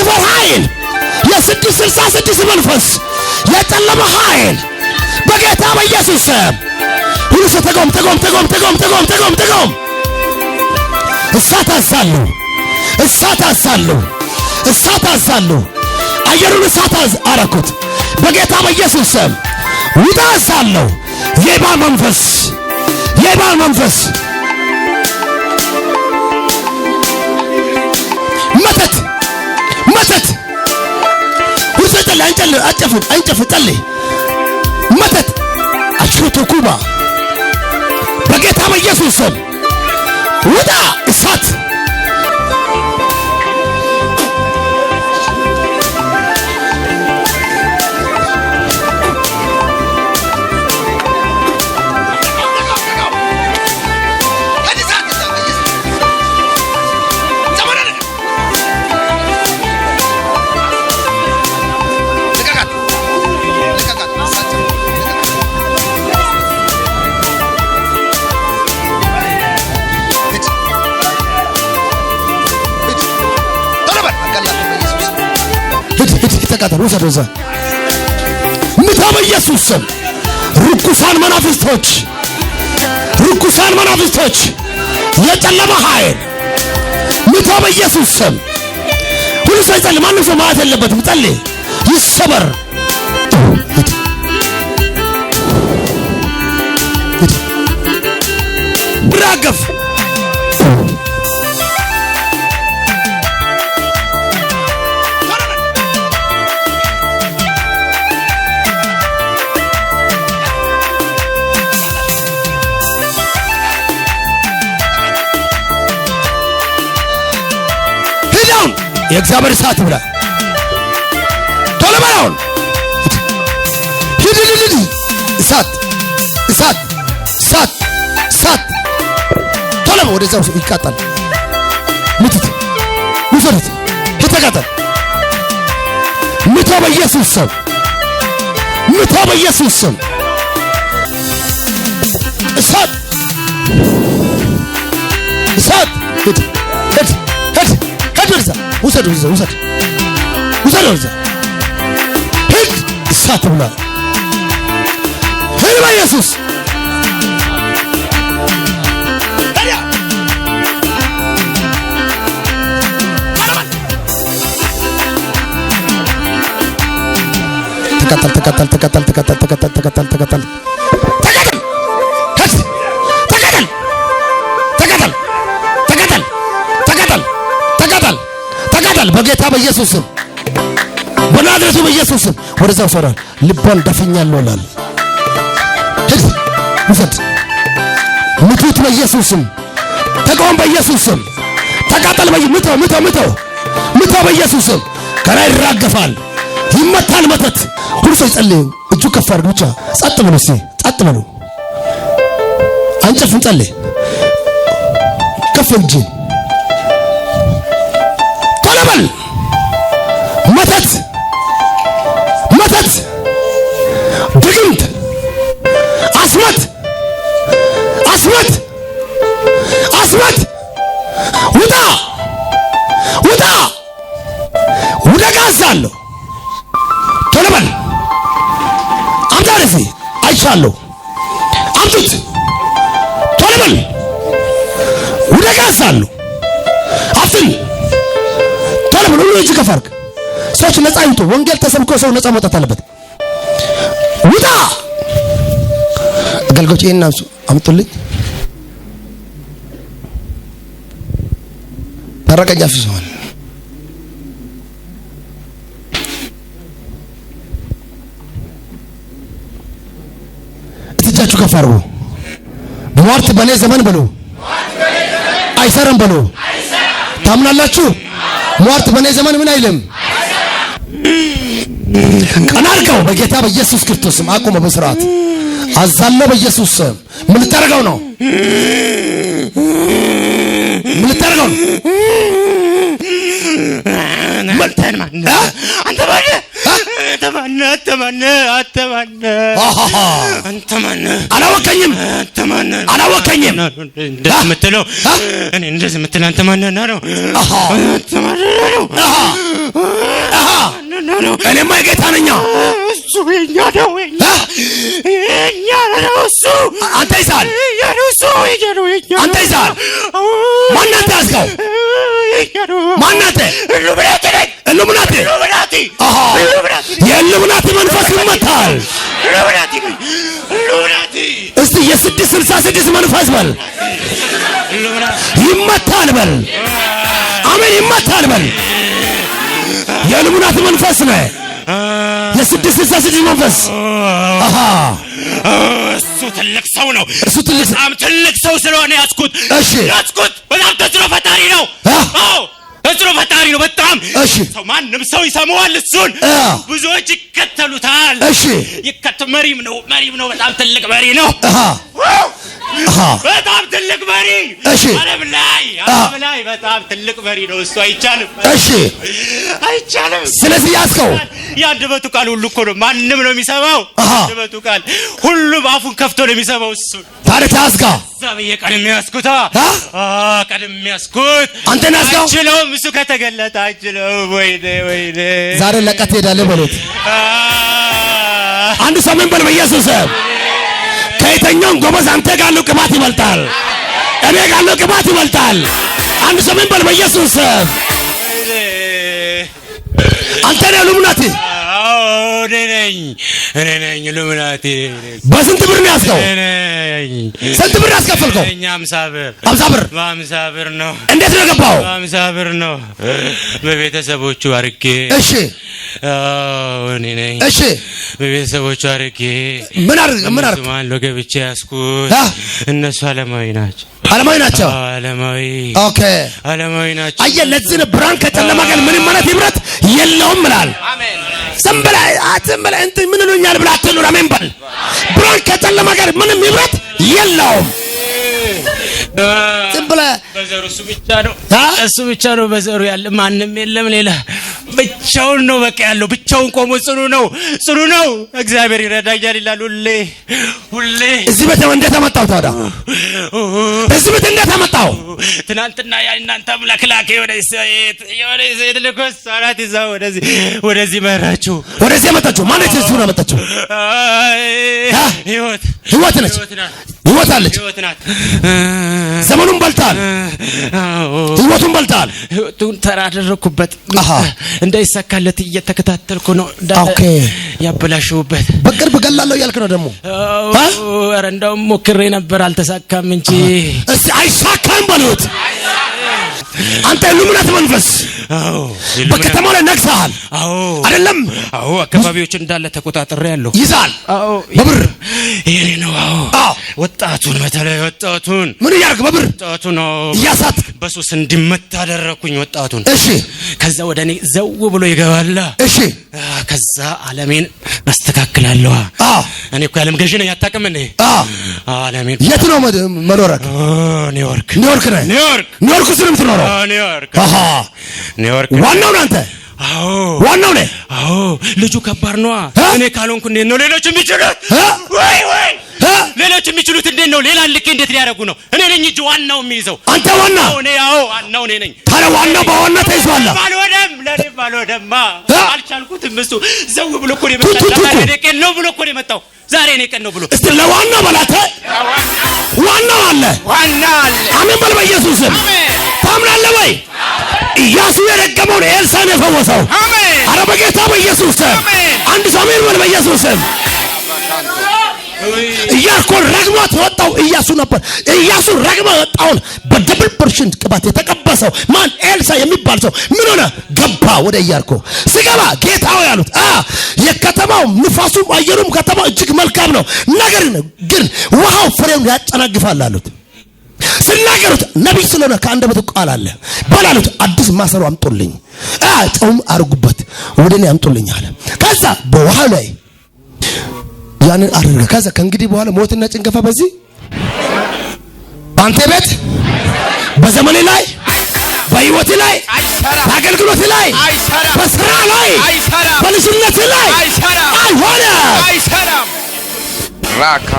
የሚያስበው ኃይል የስድስት ስልሳ ስድስት መንፈስ የጨለመ ኃይል በጌታ በኢየሱስ ስም ሁሉ ሰው ተቆም ተቆም ተቆም ተቆም ተቆም ተቆም ተቆም። እሳት አዛሉ እሳት አዛሉ እሳት አዛሉ አየሩን እሳት አረኩት በጌታ በኢየሱስ ውጣ አዛለሁ። የባል መንፈስ የባል መንፈስ መተት መተት ሁርሶ ጸል አንጨል አጨፍን አንጨፍ ጸልይ መተት አሾቶ ኩባ በጌታ በኢየሱስ ስም ውጣ ውሰድ ወደ ምታ በኢየሱስ ስም ርኩሳን መናፍስቶች ርኩሳን መናፍስቶች የጨለማ ኃይል ምታ በኢየሱስ ስም ሁሉ ሰው ይጸልይ ማንም ሰው ማለት የለበትም ጸልይ ይሰበር ይራገፍ የእግዚአብሔር እሳት ብላ ቶሎ በል አሁን ሂድልልል እሳት እሳት እሳት እሳት ቶሎ በል ወደዚያ ይቃጠል ምትት ውሰዱት ይተቃጠል ምቶ በኢየሱስ ሰው ምቶ በኢየሱስ ስም እሳት እሳት ውሰድ ውሰድ ውሰድ ወደ ሂድ እሳት ብላ ሂድ በኢየሱስ ተከተል ተከተል ተከተል ተከተል ተከተል ተከተል ተከተል ይወድቃል። በጌታ በኢየሱስ ስም፣ በናዝሬቱ በኢየሱስ ስም ወደዛ ሰራል። ልቧን ደፍኛለሁ ላል ሂድ፣ ውሰድ፣ ምቱት በኢየሱስ ስም፣ ተቃወም በኢየሱስ ስም፣ ተቃጠል በኢየሱስ ምተው፣ ምተው፣ ምተው፣ ምተው በኢየሱስ ስም። ከላይ ይራገፋል፣ ይመታል። መተት ሁሉ ሰው ይጸልዩ። እጁ ከፍ አድርጉ ብቻ። ጸጥ ብሉ፣ እስቲ ጸጥ ብሉ። አንጨፍን። ጸልይ ከፍ እንጂ ምን መተት መብቱ። ወንጌል ተሰብኮ ሰው ነፃ መውጣት አለበት። ውጣ። አገልግሎት ይህን አምጡ አምጡልኝ። ታረቀኝ አፍሰዋል። እጃችሁ ከፍ አድርጉ። ሟርት በእኔ ዘመን በሉ አይሰራም በሉ። ታምናላችሁ? ሟርት በእኔ ዘመን ምን አይልም። ቀና በጌታ በኢየሱስ ክርስቶስም አቁመ በስርዓት አዛለው በኢየሱስ ስም ምን ልታደርገው ነው? ምን ልታደርገው ነው? አላወቀኝም አላወቀኝም እንደምትለው እኔ እንደዚህ የምትለው አንተ ማነህ ነው እኔማ የጌታ ነኝ። እሱ የእኛ ነው። የእኛ ነው። እሱ አንተ ይዛል። እሱ ነው። አንተ ይዛል። ያዝከው? ነኝ። መንፈስ ይመታል። እስቲ የስድስት ስልሳ ስድስት መንፈስ በል ይመታል በል። አሜን ይመታል በል የልሙናት መንፈስ ነህ። የስድስት ስልሳ ስድስት መንፈስ እሱ ትልቅ ሰው ነው። እሱ ትልቅ በጣም ትልቅ ሰው ስለሆነ ያስኩት እሺ ያስኩት በጣም ተጽዕኖ ፈጣሪ ነው። አዎ ተጽዕኖ ፈጣሪ ነው በጣም እሺ። ሰው ማንም ሰው ይሰማዋል። እሱን ብዙዎች ይከተሉታል። እሺ ይከተ መሪም ነው። መሪም ነው። በጣም ትልቅ መሪ ነው። በጣም ትልቅ መሪ ዓለም ላይ ዓለም ላይ በጣም ትልቅ መሪ ነው እሱ። አይቻልም፣ እሺ፣ አይቻልም። ስለዚህ ያዝከው። የአንደበቱ ቃል ሁሉ እኮ ነው፣ ማንም ነው የሚሰማው። የአንደበቱ ቃል ሁሉም አፉን ከፍቶ ነው የሚሰማው እሱ። ታሪክ ያዝጋ እዛ ብዬ ቀድሜ ያዝኩት፣ ቀድሜ ያዝኩት። አንተን ያዝጋው አይችለውም እሱ ከተገለጠ አይችለውም። ወይኔ ወይኔ፣ ዛሬ ለቀት ሄዳለህ በሉት። አንድ ሰው ምን በል በኢየሱስ ከየተኛውም ጎበዝ አንተ ጋለው ቅባት ይበልጣል። እኔ ጋለው ቅባት ይበልጣል። አንድ ሰው ምን በል በኢየሱስ አንተ ነው ሉምናቲ እኔ ነኝ እኔ ነኝ ሉምናቴ። በስንት ብር ነው ያስከው? ስንት ብር ያስከፈልከው? አምሳ ብር አምሳ ብር በአምሳ ብር ነው። እንዴት ነው የገባው? በአምሳ ብር ነው በቤተሰቦቹ አርጌ። እሺ እኔ ነኝ። እሺ በቤተሰቦቹ አርጌ ምን አርግ ምን አርግ ማን ሎ ገብቼ ያስኩት። እነሱ አለማዊ ናቸው አለማዊ ናቸው። አለማዊ ኦኬ፣ አለማዊ ናቸው። አየህ፣ ለዚህ ብርሃን ከጨለማ ጋር ምንም ማለት ይብረት የለውም እላል። አሜን ዝም ብለህ ዝም ብለህ እንትን ምን ይሉኛል ብለህ አትኑር። አሜን በል። ብርሃን ከጨለማ ጋር ምንም ህብረት የለውም። ዝም ብለህ እሱ ብቻ ነው በዘሩ ያለ ማንም የለም ሌላ ብቻውን ነው በቃ ያለው ብቻውን ቆሞ ጽኑ ነው ጽኑ ነው እግዚአብሔር ይረዳኛል ይላል ሁሌ ሁሌ እዚህ ቤት እንዴት ታዲያ እዚህ ቤት እንዴት ትናንትና ያ እናንተ አምላክ ላከ የሆነ ሴት የሆነ ሴት ልኮ ሰራት ይዛ ወደዚህ ወደዚህ መራችሁ ወደዚህ አመጣችሁ ማለት እሱ ነው አመጣችሁ ህይወት ህይወት ነች ህይወታለች ዘመኑን በልታል። ህይወቱን በልታል። ህይወቱን ተራደረኩበት አደረግኩበት። እንዳይሳካለት እየተከታተልኩ ነው። ያበላሸሁበት በቅርብ ገላለሁ እያልክ ነው ደግሞ። ኧረ እንደውም ሞክሬ ነበር አልተሳካም እንጂ። እስቲ አይሳካም በሉት አንተ ሉምነት መንፈስ በከተማው ላይ ነግሰሃል። አይደለም? አዎ፣ አካባቢዎች እንዳለ ተቆጣጠር ያለው ይዛል። በብር የኔ ነው። አዎ፣ ወጣቱን በተለይ ወጣቱን ምን እያደረግ በብር ወጣቱ ነው እያሳት በሱስ እንዲመታ አደረኩኝ ወጣቱን። እሺ፣ ከዛ ወደ እኔ ዘው ብሎ ይገባላ። እሺ፣ ከዛ አለሜን አስተካክላለሁ። አዎ፣ እኔ እኮ ያለም ገዢ ነኝ። አታውቅም እንዴ? አዎ፣ አለሜን የት ነው መኖረክ? ኒውዮርክ፣ ኒውዮርክ፣ ኒውዮርክ፣ ኒውዮርክ የምትኖረው? ኒውዮርክ ዋናው አንተ ዋናው ነህ። ልጁ ከባድ ነዋ። እኔ ካልሆንኩ እንዴት ነው ሌሎች የሚችሉት? ሌሎች የሚችሉት እንዴት ነው? ሌላ ልክ እንዴት ሊያደርጉ ነው? እኔ ነኝ እጅ ዋናው የሚይዘው። አንተ ዋና ዋናው እኔ ነኝ። ታዲያ ዋናው በዋና ተይዟል። አልሆነም፣ ለእኔም አልሆነማ። አልቻልኩትም። እሱ ዘው ብሎ እኮ ነው የመጣው ዛሬ እኔ ቀን ነው ብሎ እስቲ ለዋና በላተ ዋና አለ ዋና አለ። አሜን በል በኢየሱስም። ታምናለህ ወይ? ኢያሱ የደገመውን ኤልሳዕ ነው የፈወሰው። አሜን። ኧረ በጌታ በኢየሱስ ስም አንድ ሰው አሜን በል በኢየሱስ ስም ኢያሪኮን ረግሟት ወጣው ኢያሱ ነበር። ኢያሱ ረግማ ወጣውን በደብል ፐርሽንት ቅባት የተቀበሰው ማን ኤልሳ የሚባል ሰው ምን ሆነ? ገባ ወደ እያርኮ ስገባ ጌታው ያሉት የከተማው ንፋሱም አየሩም ከተማ እጅግ መልካም ነው፣ ነገር ግን ውሃው ፍሬውን ያጨናግፋል አሉት። ስናገሩት ነቢይ ስለሆነ ከአንድ መቶ ቃል አለ በላሉት አዲስ ማሰሮ አምጦልኝ ጨውም አርጉበት ወደ እኔ አምጦልኝ አለ። ከዛ በውሃ ላይ ያንን አደረገ። ከዛ ከእንግዲህ በኋላ ሞትና ጭንገፋ በዚህ በአንተ ቤት በዘመኔ ላይ በህይወት ላይ በአገልግሎት ላይ በስራ ላይ በልጅነት ላይ ራካ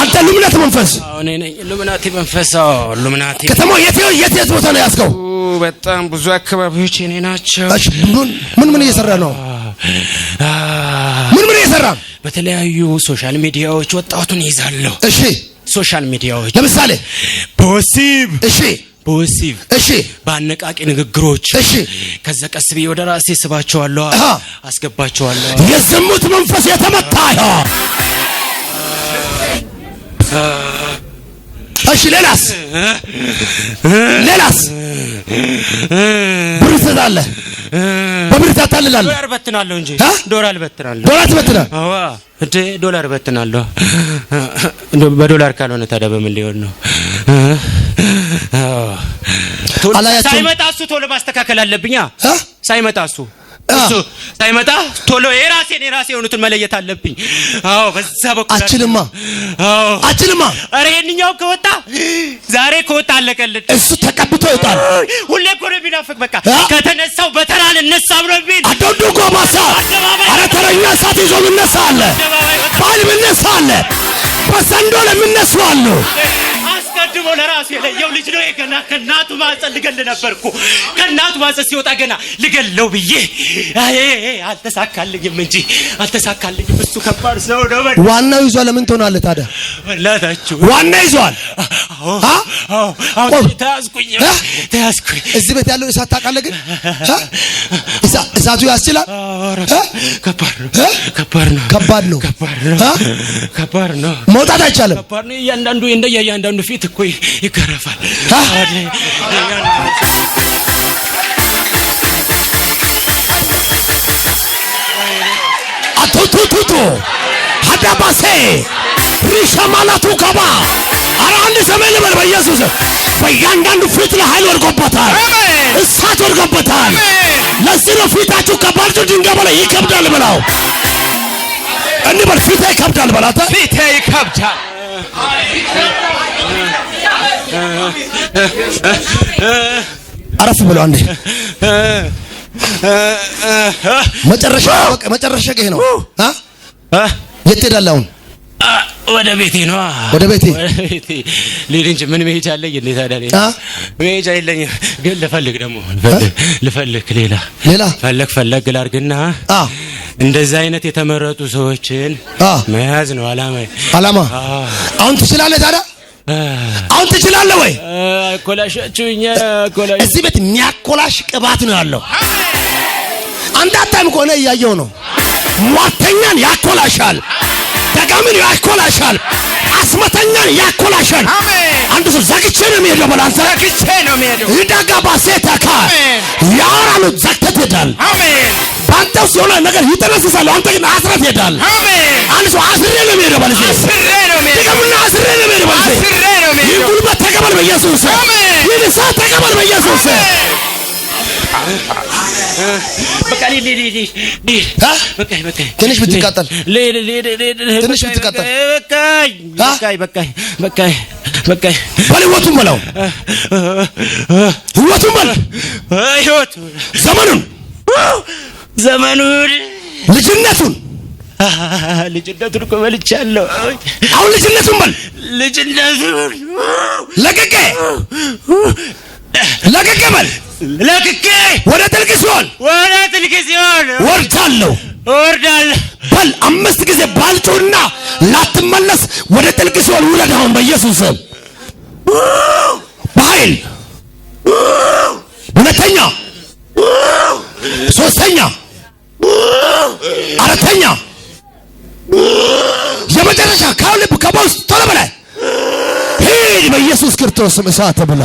አንተ ሉምናት መንፈስ ሉምናቲ መንፈስ ሉምናቲ ከተማ የት የት ቦታ ነው ያስከው? በጣም ብዙ አካባቢዎች እኔ ናቸው። ምን ምን እየሰራ ነው? ምን ምን እየሰራ በተለያዩ ሶሻል ሚዲያዎች ወጣቱን ይዛለሁ። እሺ፣ ሶሻል ሚዲያዎች ለምሳሌ በወሲብ እሺ፣ በወሲብ እሺ፣ በአነቃቂ ንግግሮች እሺ። ከዛ ቀስ ብዬ ወደ ራሴ ስባቸዋለሁ፣ አስገባቸዋለሁ። የዝሙት መንፈስ የተመታ እሺ፣ ሌላስ ሌላስ ብር ትሰጣለህ፣ በብር ታታልላለህ። ዶላር በትናለሁ እንጂ ዶላር በትናለሁ። ዶላር ትበትናለህ? አዎ እንዴ ዶላር በትናለሁ። በዶላር ካልሆነ ታዲያ በምን ሊሆን ነው? ሳይመጣ እሱ ቶሎ ማስተካከል አለብኛ። ሳይመጣ እሱ እሱ ሳይመጣ ቶሎ የራሴን የራሴ የሆኑትን መለየት አለብኝ። አዎ በዛ በኩል አችልማ። አዎ አችልማ። ኧረ ይሄንኛው ከወጣ ዛሬ ከወጣ አለቀልን። እሱ ተቀብቶ ይወጣል። ሁሌ እኮ ነው የሚናፍቅ። በቃ ከተነሳው በተራ ልነሳ ብሎ የሚል አዶንዱ ጎማሳ። ኧረ ተረኛ እሳት ይዞ ምነሳ አለ፣ አደባባይ ባል ምነሳ አለ፣ በሰንዶ ለሚነሱ አሉ አስቀድሞ ለራሱ የለየው ልጅ ነው። ገና ከእናቱ ማጸ ልገል ነበርኩ። ከእናቱ ማጸ ሲወጣ ገና ልገለው ብዬ አልተሳካልኝም እንጂ አልተሳካልኝም። እሱ ከባድ ሰው ነው። ዋናው ይዟል። ለምን ትሆናለህ ታዲያ? ወላታችሁ ዋና ይዟል። ተያዝኩኝ ተያዝኩኝ። እዚህ ቤት ያለው እሳት ታውቃለህ። ግን እሳቱ ያስችላል። ከባድ ነው። ከባድ ነው። ከባድ ነው። መውጣት አይቻልም። እያንዳንዱ እንደ እያንዳንዱ ፊት እኮ ይገረፋል። አቶቱቱቱ ሀዳባሴ ሪሻ ማላቱ አረ አንድ ዘመን ልበል በኢየሱስ በእያንዳንዱ ፊት ላይ ኃይል ወድቆበታል፣ እሳት ወድቆበታል። ለዚህ ነው ፊታችሁ ከባርጆ ድንጋይ በላይ ይከብዳል ብለው እንበል። ፊቴ ይከብዳል በላተ ፊቴ ይከብዳል አረፍ ብለው አንዴ መጨረሻ በቃ መጨረሻ ይሄ ነው። የት ትሄዳለህ አሁን? ወደ ቤቴ ነው። ወደ ቤቴ ልሂድ እንጂ ምን መሄጃ አለኝ? እንዴት አዳለ መሄጃ የለኝም፣ ግን ልፈልግ ደግሞ ልፈልግ ሌላ ሌላ ፈለግ ፈለግ ላድርግና እንደዚህ አይነት የተመረጡ ሰዎችን መያዝ ነው አላማ አላማ። አሁን ትችላለህ ታዲያ አሁን ትችላለህ ወይ? ኮላሻችሁኛ ኮላሽ እዚህ ቤት የሚያኮላሽ ቅባት ነው ያለው። አንድ አንዳታም ከሆነ እያየው ነው። ሟተኛን ያኮላሻል፣ ደጋሚን ያኮላሻል፣ አስመተኛን ያኮላሻል። አንድ ሰው ዘግቼ ነው የሚሄደው በል ዘግቼ ነው የሚሄደው ይዳጋ ባሴ ተካ የአራም ዘግተት ይሄዳል። አሜን በአንተ ውስጥ የሆነ ነገር ይጠነስሳሉ። አንተ ግን አስረት ሄዳል። አንድ ሰው አስሬ ነው የሚሄደው ባለ ድገሙና፣ አስሬ ነው የሚሄደው ባለ ይህ ጉልበት ተቀበል በኢየሱስ ይህ ንሳ ተቀበል በኢየሱስ ትንሽ ብትቃጠል ትንሽ ህይወቱን በለው ህይወቱን በል ዘመኑን ዘመኑን ልጅነቱን ልጅነቱን እኮ በልቻለሁ። አሁን ልጅነቱን በል ልጅነቱን ለቅቄ ለቅቄ በል ለቅቄ ወደ ጥልቅ ሲሆን ወደ ጥልቅ ሲሆን ወርዳለሁ ወርዳለሁ በል አምስት ጊዜ ባልጩና ላትመለስ ወደ ጥልቅ ሲሆን ውለድ አሁን በኢየሱስ ስም በኃይል ሁለተኛ ሶስተኛ አራተኛ የመጨረሻ ከልብ ከበውስጥ ቶሎ በላይ ሂድ በኢየሱስ ክርስቶስ እሳት ብላ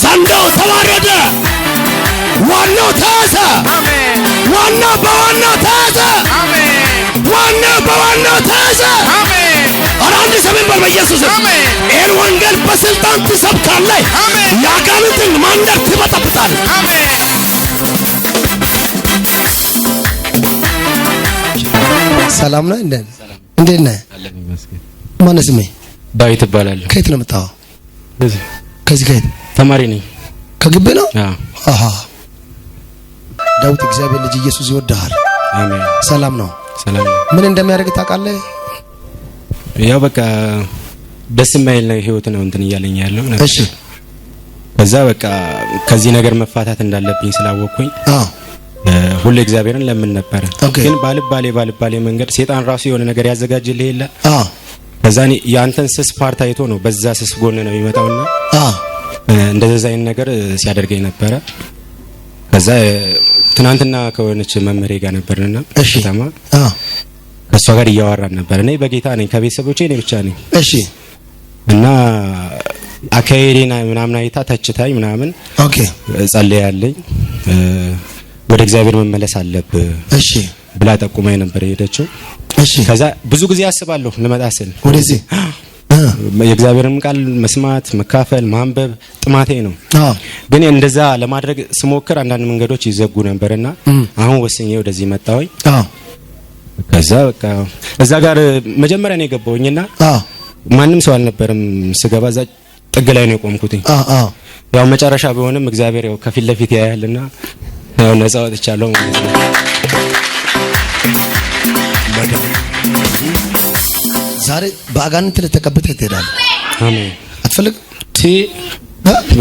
ዘንዶው ተዋረደ። ዋናው ተያዘ። ዋናው በዋናው ተያዘ። ዋናው በዋናው ተያዘ። ኧረ አንድ ሰሜን ይበል በኢየሱስ ይህን ወንጌል በስልጣን ትሰብካለህ። የአጋንንትን ማንነት ትበጠብጣለህ። ሰላም ነው። እንዴት እንዴት ነህ? ማነው ስሜ? ዳዊት እባላለሁ። ከየት ነው የመጣኸው? ከዚህ ከየት? ተማሪ ነኝ። ከግብ ነው። ዳዊት፣ እግዚአብሔር ልጅ ኢየሱስ ይወድሃል። ሰላም ነው። ሰላም ነው። ምን እንደሚያደርግ ታውቃለህ? ያው በቃ ደስ የማይል ነው ህይወት ነው እንትን እያለኝ ያለው እሺ በዛ በቃ ከዚህ ነገር መፋታት እንዳለብኝ ስላወቅኩኝ ሁሌ እግዚአብሔርን ለምን ነበረ ግን ባልባሌ ባልባሌ መንገድ ሴጣን ራሱ የሆነ ነገር ያዘጋጅልህ የለ በዛ የአንተን ስስ ፓርት አይቶ ነው በዛ ስስ ጎን ነው የሚመጣውና እንደዛ አይነት ነገር ሲያደርገኝ ነበረ ከዛ ትናንትና ከሆነች መመሬ ጋር ነበርንና ከተማ ከእሷ ጋር እያወራን ነበር። እኔ በጌታ ነኝ፣ ከቤተሰቦቼ እኔ ብቻ ነኝ። እሺ እና አካሄዴን ምናምን አይታ ተችታኝ ምናምን ኦኬ ጸልያለኝ ወደ እግዚአብሔር መመለስ አለብ እሺ ብላ ጠቁማ ነበር የሄደችው። እሺ ከዛ ብዙ ጊዜ አስባለሁ ልመጣ ስል ወደዚህ ቃል መስማት፣ መካፈል፣ ማንበብ ጥማቴ ነው። ግን እንደዛ ለማድረግ ስሞክር አንዳንድ መንገዶች ይዘጉ ነበርና አሁን ወስኜ ወደዚህ መጣሁኝ። ከዛ በቃ እዛ ጋር መጀመሪያ ነው የገባውኝና ማንም ሰው አልነበረም ስገባ እዛ ጥግ ላይ ነው የቆምኩትኝ። ያው መጨረሻ ቢሆንም እግዚአብሔር ያው ከፊት ለፊት ያያልና ያው ነጻ ወጥቻለሁ ማለት ነው። ዛሬ በአጋንንት ተቀብተህ ትሄዳለህ። አሜን። አትፈልግ ቲ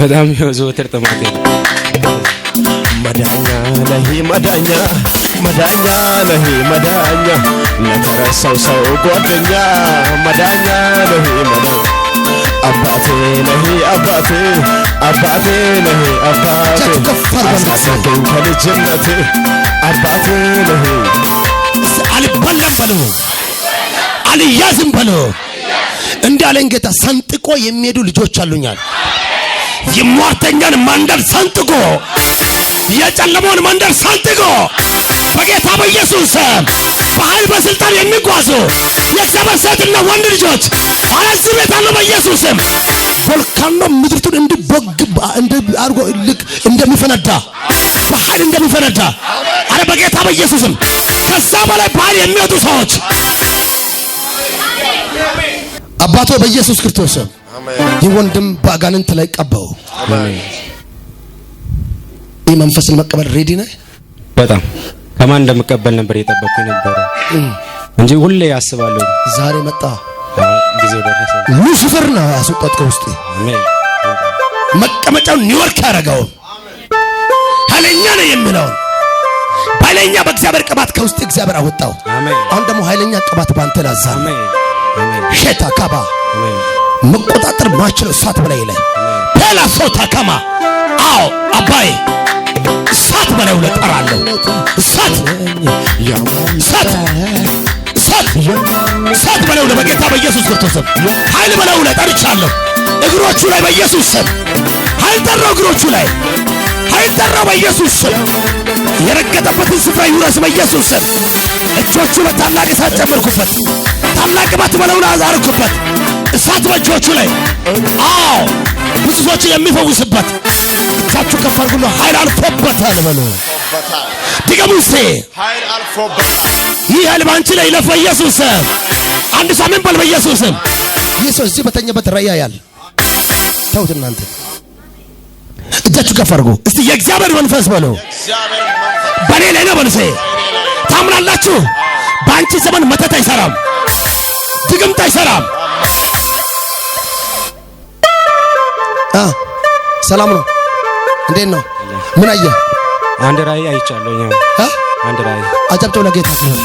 በጣም የዘወትር ጥማቴ ነው። መዳኛ ለሂ መዳኛ መዳኛ ነህ መዳኛ ለተረሳው ሰው ጓደኛ መዳኛ ነህ መዳኛ አባቴ ነህ አባቴ አባቴ ነህ አባቴ አሳደገኝ ከልጅነቴ አባቴ ነህ አልበላም በለው አልያዝም በለው እንዳለኝ ጌታ ሰንጥቆ የሚሄዱ ልጆች አሉኛል። የሟርተኛን መንደር ሰንጥቆ የጨለመውን መንደር ሰንጥቆ በጌታ በኢየሱስ በኃይል በስልጣን የሚጓዙ የእግዚአብሔር ሴትና ወንድ ልጆች አለዚህ ቤት አሉ። በኢየሱስም ቮልካኖ ምድርቱን እንዲቦግ አድርጎ ልክ እንደሚፈነዳ በኃይል እንደሚፈነዳ አረ በጌታ በኢየሱስም ከዛ በላይ በኃይል የሚወጡ ሰዎች አባቶ በኢየሱስ ክርስቶስ ይህ ወንድም በአጋንንት ላይ ቀባው። ይህ መንፈስን መቀበል ሬዲ ነህ በጣም ከማን እንደምቀበል ነበር የጠበቅኩ ነበረ እንጂ ሁሌ ያስባለሁ። ዛሬ መጣ፣ ጊዜ ደረሰ። ሉሲፈር ነው ያስወጣት ከውስጥ መቀመጫውን ኒውዮርክ ያደረገውን ኃይለኛ ነው የሚለውን ኃይለኛ በእግዚአብሔር ቅባት ከውስጥ እግዚአብሔር አወጣው። አሁን ደግሞ ኃይለኛ ቅባት ባንተ ላዛ ሸታ ካባ መቆጣጠር ማችለው እሳት በላይ ላይ ፔላ ሶታ ከማ አዎ አባይ እሳት በላዩ ላይ እጠራለሁ። እሳት እሳት እሳት እሳት በላዩ ላይ በኢየሱስ ክርስቶስ ስም ኃይል በላዩ ላይ ጠርቻለሁ። እግሮቹ ላይ በኢየሱስ ስም ኃይል ጠራው። እግሮቹ ላይ ኃይል ጠራው። በኢየሱስ ስም የረገጠበትን ስፍራ ይውረስ። በኢየሱስ ስም እጆቹ በታላቅ እሳት ጨመርኩበት። ታላቅ ባት በላዩ ላይ አዛርኩበት። እሳት በእጆቹ ላይ አዎ ብዙ ሰዎችን የሚፈውስበት እጃችሁ ከፍ አድርጉና ኃይል አልፎበታል በሉ። ድገሙ እስቲ። ይህ ኃይል ባንቺ ላይ ይለፍ በኢየሱስ አንድ ሳምንት በል በኢየሱስ። ይህ ሰው እዚህ በተኛበት ራእይ ያያል። ተውት እናንተ እጃችሁ ከፍ አድርጉ እስቲ። የእግዚአብሔር መንፈስ በሉ በኔ ላይ ነው በሉ። ታምናላችሁ? በአንቺ ዘመን መተት አይሰራም፣ ድግምት አይሰራም። ሰላም ነው። እንዴት ነው? ምን አየህ? አንድ ራእይ አይቻለሁ። አንድ ራእይ አጨብጨው ለጌታ ሲሆን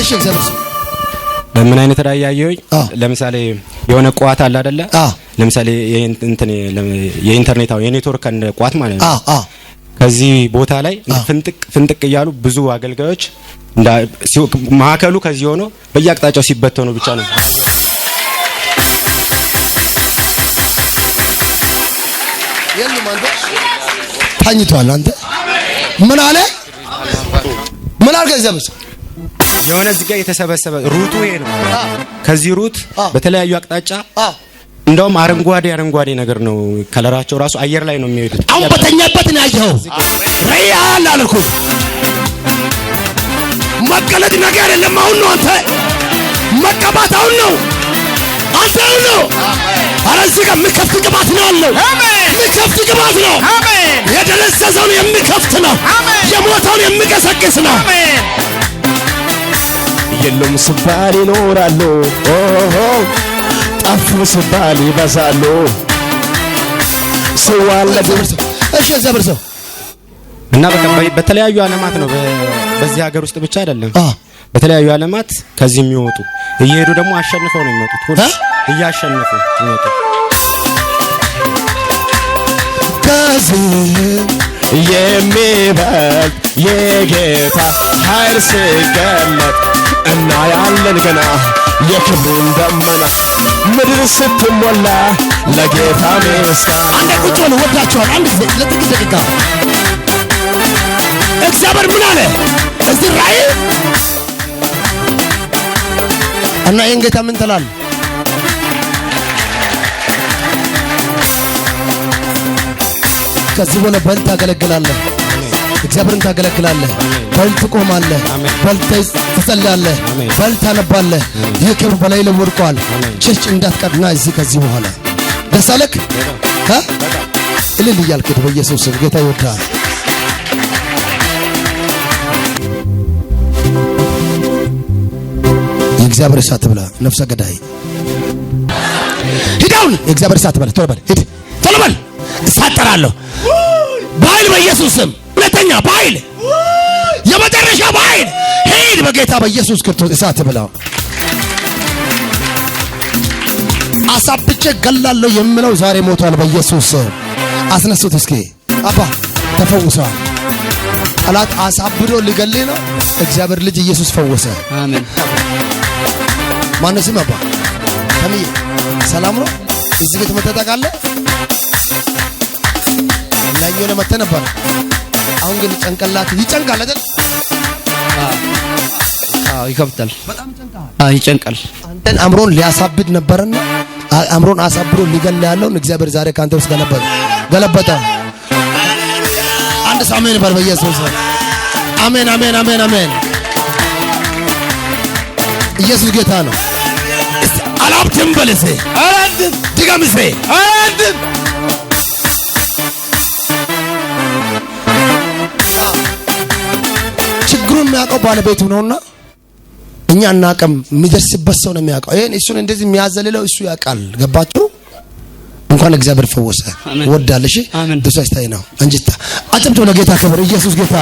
እሺ፣ እግዚአብሔር በምን አይነት ራእይ ያየሁኝ? ለምሳሌ የሆነ ቋት አለ አይደለ? ለምሳሌ የኢንተርኔት የኔትወርክ ቋት ማለት ነው። ከዚህ ቦታ ላይ ፍንጥቅ ፍንጥቅ እያሉ ብዙ አገልጋዮች ማዕከሉ ከዚህ ሆኖ በየአቅጣጫው ሲበተኑ ብቻ ነው ታኝቷል። አንተ ምን አለ ምን አልከ? ዘብስ የሆነ እዚህ ጋር የተሰበሰበ ሩቱ ይሄ ነው። ከዚህ ሩት በተለያዩ አቅጣጫ እንደውም አረንጓዴ አረንጓዴ ነገር ነው። ከለራቸው ራሱ አየር ላይ ነው የሚሄዱት። አሁን በተኛበት ነው ያየኸው። ሪያል አልኩ መቀለድ ነገር አይደለም። አሁን ነው አንተ መቀባት አሁን ነው አሳው ነው። አረ እዚህ ጋር ምከፍት ቅባት ነው አለው። ምከፍት ቅባት ነው። አሜን የያዘውን የሚከፍት ነው። የሞተውን የሚቀሰቅስ ነው። የሉም ስባል ይኖራሉ፣ ጠፉ ስባል ይበዛሉ። ስዋለ እሺ፣ እዛ ብርሰው እና በተለያዩ ዓለማት ነው። በዚህ ሀገር ውስጥ ብቻ አይደለም፣ በተለያዩ ዓለማት ከዚህ የሚወጡ እየሄዱ ደግሞ አሸንፈው ነው የሚወጡት። ሁሉ እያሸነፉ ይወጡ ከዚህ የሚበልጥ የጌታ ኃይል ሲገለጥ ያለን ገና የክብሩን ደመና ምድር ስትሞላ ለጌታ ምስጋና። አንዴ ቁጭ ብሎ ወዳቸዋል። አንድ ጊዜ ለጥቂት ደቂቃ እግዚአብሔር ምን አለ እዚህ ራእይ እና ይህን ጌታ ምን ትላለህ? ከዚህ በኋላ በልት ታገለግላለህ። እግዚአብሔርን ታገለግላለህ። በልት ትቆማለህ። በልት ትጸልያለህ። በልት ታነባለህ። ይህ ክብር በላይ ለወድቋል። ቸርች እንዳትቀርና እዚህ ከዚህ በኋላ ደስ አለክ እልል እያልክ በኢየሱስ ጌታ ይወዳል። የእግዚአብሔር እሳት ብላ ነፍሰ ገዳይ ሂዳውን የእግዚአብሔር እሳት በል ቶሎ በል ሂድ ቶሎ በል እሳት ጠራለሁ ሂድ በኢየሱስ ስም። ሁለተኛ በኃይል የመጨረሻ በኃይል ሂድ በጌታ በኢየሱስ ክርስቶስ እሳት ብላ አሳብቼ ገላለሁ የምለው ዛሬ ሞቷል። በኢየሱስ አስነሱት። እስኪ አባ ተፈውሰዋል። ጠላት አሳብዶ ሊገል ነው። እግዚአብሔር ልጅ ኢየሱስ ፈወሰ። አሜን። ማነው ስም አባ ሰላም ነው። እዚህ ቤት መተጠቃለ ያየሆነ መተ ነበር። አሁን ግን ጨንቀላት ይጨንቃል አይደል? አዎ ይከብዳል፣ ይጨንቃል። አንተን አምሮን ሊያሳብድ ነበርና አምሮን አሳብሮ ሊገል ያለውን እግዚአብሔር ዛሬ ካንተ ውስጥ ገለበጠ ገለበጠ። አንድ ሰው አሜን በል በኢየሱስ አሜን፣ አሜን፣ አሜን፣ አሜን። ኢየሱስ ጌታ ነው። አላብድም በል እሴ አላብድም ድገም እሴ አላብድም የሚያውቀው ባለቤቱ ነውና እኛ እናቀም። የሚደርስበት ሰው ነው የሚያውቀው። ይሄን እሱን እንደዚህ የሚያዘልለው እሱ ያውቃል። ገባችሁ? እንኳን እግዚአብሔር ፈወሰ። ወዳለሽ ደስ አስታይ ነው እንጂታ አጨብጭው ለጌታ ክብር። ኢየሱስ ጌታ